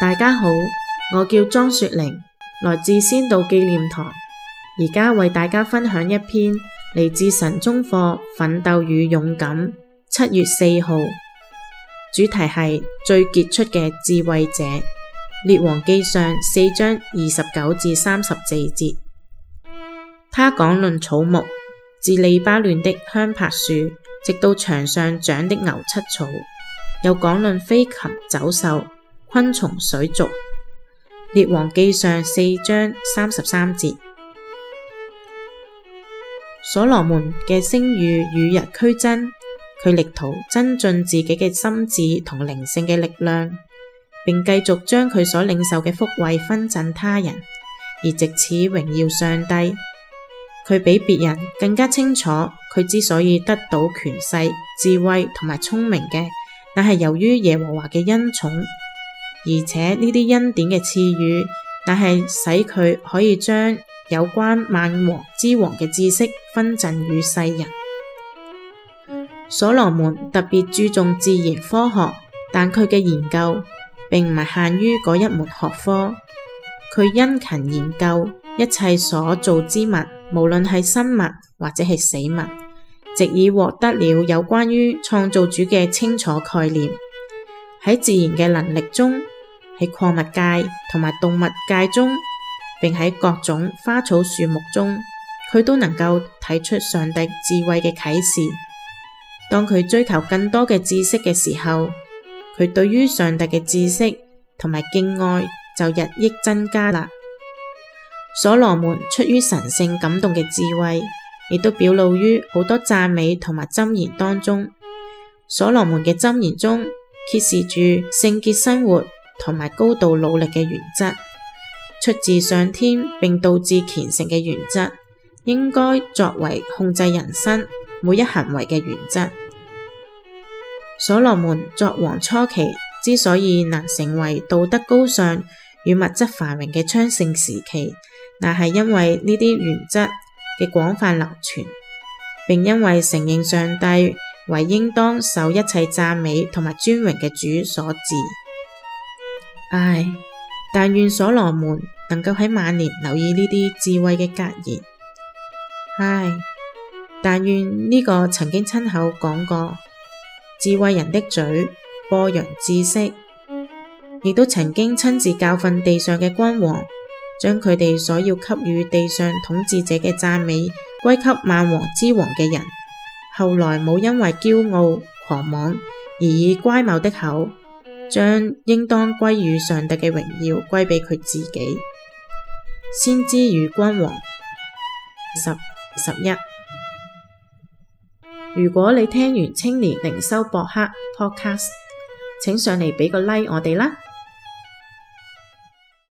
大家好，我叫莊雪玲，來自仙道紀念堂，而家為大家分享一篇嚟自神中課《奮鬥與勇敢》，七月四號，主題係最傑出嘅智慧者《列王記上》四章二十九至三十四節。他講論草木，自利巴嫩的香柏樹，直到牆上長的牛膝草，又講論飛禽走獸。昆蟲水族，列王記上四章三十三節。所羅門嘅聲譽與日俱增。佢力圖增進自己嘅心智同靈性嘅力量，並繼續將佢所領受嘅福惠分贈他人，而藉此榮耀上帝。佢比別人更加清楚，佢之所以得到權勢、智慧同埋聰明嘅，那係由於耶和華嘅恩寵。而且呢啲恩典嘅賜予，但係使佢可以將有關萬王之王嘅知識分贈與世人。所羅門特別注重自然科學，但佢嘅研究並唔係限於嗰一門學科。佢殷勤研究一切所造之物，無論係生物或者係死物，直以獲得了有關於創造主嘅清楚概念。喺自然嘅能力中，喺礦物界同埋動物界中，並喺各種花草樹木中，佢都能夠睇出上帝智慧嘅啟示。當佢追求更多嘅知識嘅時候，佢對於上帝嘅知識同埋敬愛就日益增加啦。所羅門出於神聖感動嘅智慧，亦都表露於好多讚美同埋箴言當中。所羅門嘅箴言中。揭示住聖潔生活同埋高度努力嘅原則，出自上天並導致虔誠嘅原則，應該作為控制人生每一行為嘅原則。所羅門作王初期之所以能成為道德高尚與物質繁榮嘅昌盛時期，那係因為呢啲原則嘅廣泛流傳，並因為承認上帝。為應當受一切讚美同埋尊榮嘅主所治。唉，但願所羅門能夠喺晚年留意呢啲智慧嘅格言。唉，但願呢個曾經親口講過智慧人的嘴播揚知識，亦都曾經親自教訓地上嘅君王，將佢哋所要給予地上統治者嘅讚美歸給萬王之王嘅人。後來冇因為驕傲狂妄而以乖謬的口，將應當歸於上帝嘅榮耀歸畀佢自己。先知與君王十十一。如果你聽完青年靈修博客 podcast，請上嚟畀個 like 我哋啦。